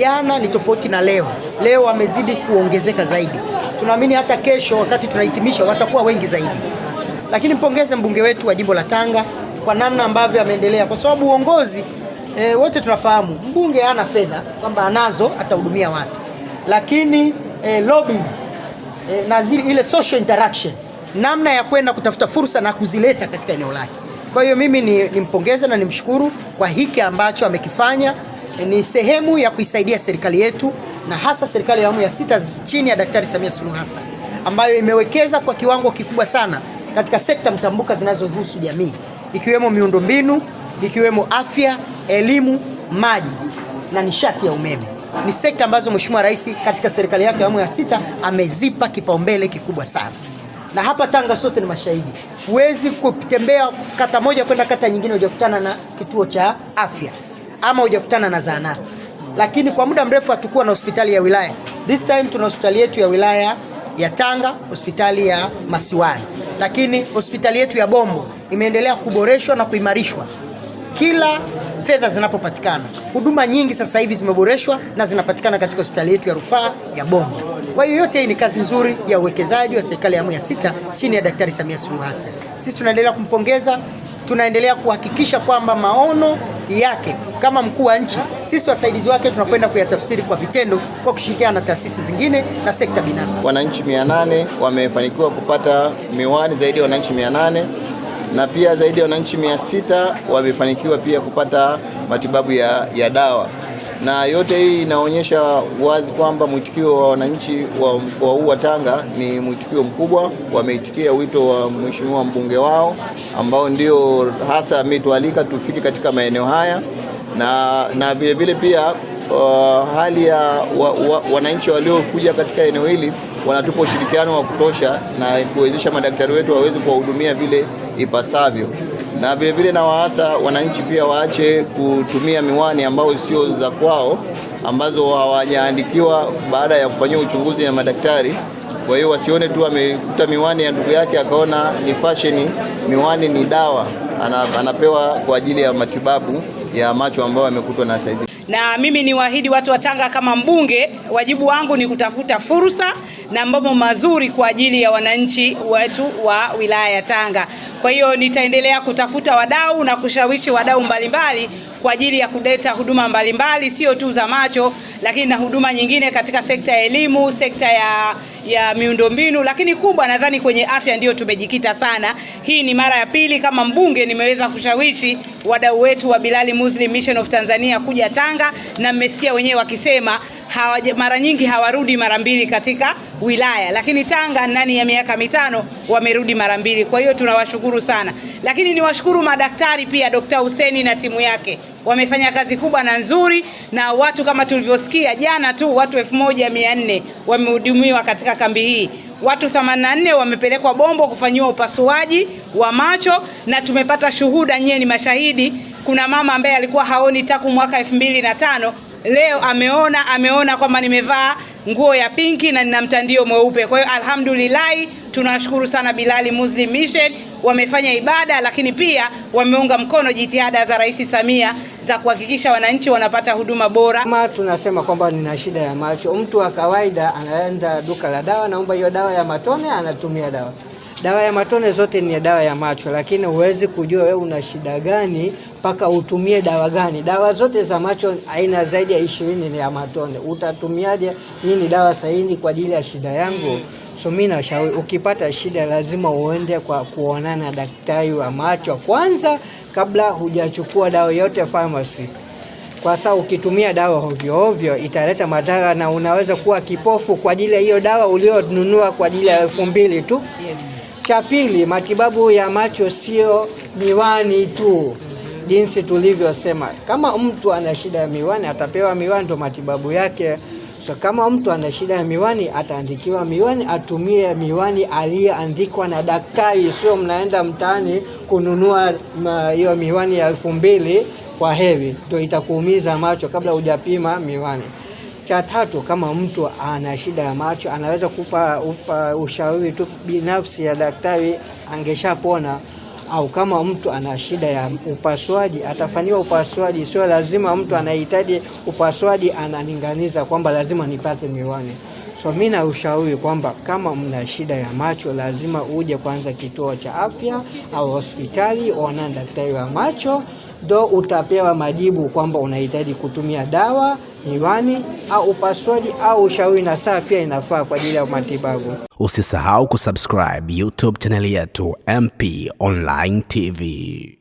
jana ni tofauti na leo. Leo wamezidi kuongezeka zaidi, tunaamini hata kesho wakati tunahitimisha watakuwa wengi zaidi. Lakini mpongeze mbunge wetu wa jimbo la Tanga kwa namna ambavyo ameendelea, kwa sababu uongozi e, wote tunafahamu mbunge hana fedha kwamba anazo atahudumia watu, lakini e, lobby e, na ile social interaction, namna ya kwenda kutafuta fursa na kuzileta katika eneo lake. Kwa hiyo mimi nimpongeze ni na nimshukuru kwa hiki ambacho amekifanya ni sehemu ya kuisaidia serikali yetu na hasa serikali ya awamu ya sita chini ya Daktari Samia Suluhu Hassan ambayo imewekeza kwa kiwango kikubwa sana katika sekta mtambuka zinazohusu jamii ikiwemo miundombinu, ikiwemo afya, elimu, maji na nishati ya umeme. Ni sekta ambazo Mheshimiwa Rais katika serikali yake ya awamu ya sita amezipa kipaumbele kikubwa sana na hapa Tanga sote ni mashahidi. Huwezi kutembea kata moja kwenda kata nyingine hujakutana na kituo cha afya ama hujakutana na zahanati, lakini kwa muda mrefu hatukuwa na hospitali ya wilaya. This time tuna hospitali yetu ya wilaya ya Tanga, hospitali ya Masiwani, lakini hospitali yetu ya Bombo imeendelea kuboreshwa na kuimarishwa kila fedha zinapopatikana. Huduma nyingi sasa hivi zimeboreshwa na zinapatikana katika hospitali yetu ya rufaa ya Bombo. Kwa hiyo yote hii ni kazi nzuri ya uwekezaji wa serikali ya awamu ya sita chini ya Daktari Samia Suluhu Hassan. Sisi tunaendelea kumpongeza tunaendelea kuhakikisha kwamba maono yake kama mkuu wa nchi, sisi wasaidizi wake tunakwenda kuyatafsiri kwa vitendo kwa kushirikiana na taasisi zingine na sekta binafsi. Wananchi 800 wamefanikiwa kupata miwani, zaidi ya wananchi 800 na pia zaidi ya wananchi 600 wamefanikiwa pia kupata matibabu ya, ya dawa na yote hii inaonyesha wazi kwamba mwitikio wa wananchi wa mkoa huu wa Tanga ni mwitikio mkubwa. Wameitikia wito wa mheshimiwa mbunge wao, ambao ndio hasa ametualika tufike katika maeneo haya na, na vilevile pia Uh, hali ya wa, wa, wananchi waliokuja katika eneo hili wanatupa ushirikiano wa kutosha na kuwezesha madaktari wetu waweze kuwahudumia vile ipasavyo na vilevile na waasa wananchi pia waache kutumia miwani ambayo sio za kwao ambazo hawajaandikiwa baada ya kufanyia uchunguzi na madaktari. Kwa hiyo wasione tu amekuta miwani ya ndugu yake akaona ni fashion. Miwani ni dawa, anapewa kwa ajili ya matibabu ya macho ambayo amekutwa na saizi. Na mimi niwaahidi watu wa Tanga, kama mbunge, wajibu wangu ni kutafuta fursa na mambo mazuri kwa ajili ya wananchi wetu wa wilaya ya Tanga. Kwa hiyo nitaendelea kutafuta wadau na kushawishi wadau mbalimbali kwa ajili ya kuleta huduma mbalimbali, sio tu za macho, lakini na huduma nyingine katika sekta ya elimu, sekta ya ya miundombinu, lakini kubwa nadhani kwenye afya ndiyo tumejikita sana. Hii ni mara ya pili kama mbunge nimeweza kushawishi wadau wetu wa Bilali Muslim Mission of Tanzania kuja Tanga, na mmesikia wenyewe wakisema hawa, mara nyingi hawarudi mara mbili katika wilaya, lakini Tanga ndani ya miaka mitano wamerudi mara mbili. Kwa hiyo tunawashukuru sana, lakini niwashukuru madaktari pia, Dkt. Huseni na timu yake wamefanya kazi kubwa na nzuri, na watu kama tulivyosikia jana tu watu 1400 wamehudumiwa katika kambi hii. Watu 84 wamepelekwa Bombo kufanyiwa upasuaji wa macho, na tumepata shuhuda, nyie ni mashahidi. Kuna mama ambaye alikuwa haoni tangu mwaka 2005 leo ameona ameona kwamba nimevaa nguo ya pinki na nina mtandio mweupe. Kwa hiyo alhamdulillah, tunashukuru sana Bilali Muslim Mission, wamefanya ibada, lakini pia wameunga mkono jitihada za Rais Samia za kuhakikisha wananchi wanapata huduma bora. Kama tunasema kwamba nina shida ya macho, mtu wa kawaida anaenda duka la dawa, naomba hiyo dawa ya matone, anatumia dawa dawa ya matone zote ni dawa ya macho, lakini huwezi kujua wewe una shida gani mpaka utumie dawa gani. Dawa zote za macho aina zaidi ya ishirini ni ya matone. Utatumiaje? Hii ni dawa sahihi kwa ajili ya shida yangu? So mimi nashauri ukipata shida lazima uende kwa kuonana na daktari wa macho kwanza, kabla hujachukua dawa yote pharmacy, kwa sababu ukitumia dawa hovyo hovyo italeta madhara na unaweza kuwa kipofu kwa ajili ya hiyo dawa ulionunua kwa ajili ya elfu mbili tu. Cha pili, matibabu ya macho sio miwani tu jinsi tulivyosema, kama mtu ana shida ya miwani atapewa miwani, ndo matibabu yake. So kama mtu ana shida ya miwani ataandikiwa miwani, atumie miwani aliyeandikwa na daktari, sio mnaenda mtaani kununua hiyo miwani ya elfu mbili kwa hevi, ndo itakuumiza macho kabla hujapima miwani. Cha tatu, kama mtu ana shida ya macho anaweza kupa upa ushauri tu binafsi ya daktari, angeshapona au kama mtu ana shida ya upasuaji atafanyiwa upasuaji. Sio lazima mtu anahitaji upasuaji analinganiza kwamba lazima nipate miwani. So mi na ushauri kwamba kama mna shida ya macho, lazima uje kwanza kituo cha afya au hospitali, uonana daktari wa macho, ndo utapewa majibu kwamba unahitaji kutumia dawa miwani au upasuaji au ushauri na saa pia inafaa kwa ajili ya matibabu. Usisahau kusubscribe YouTube chaneli yetu MP Online TV.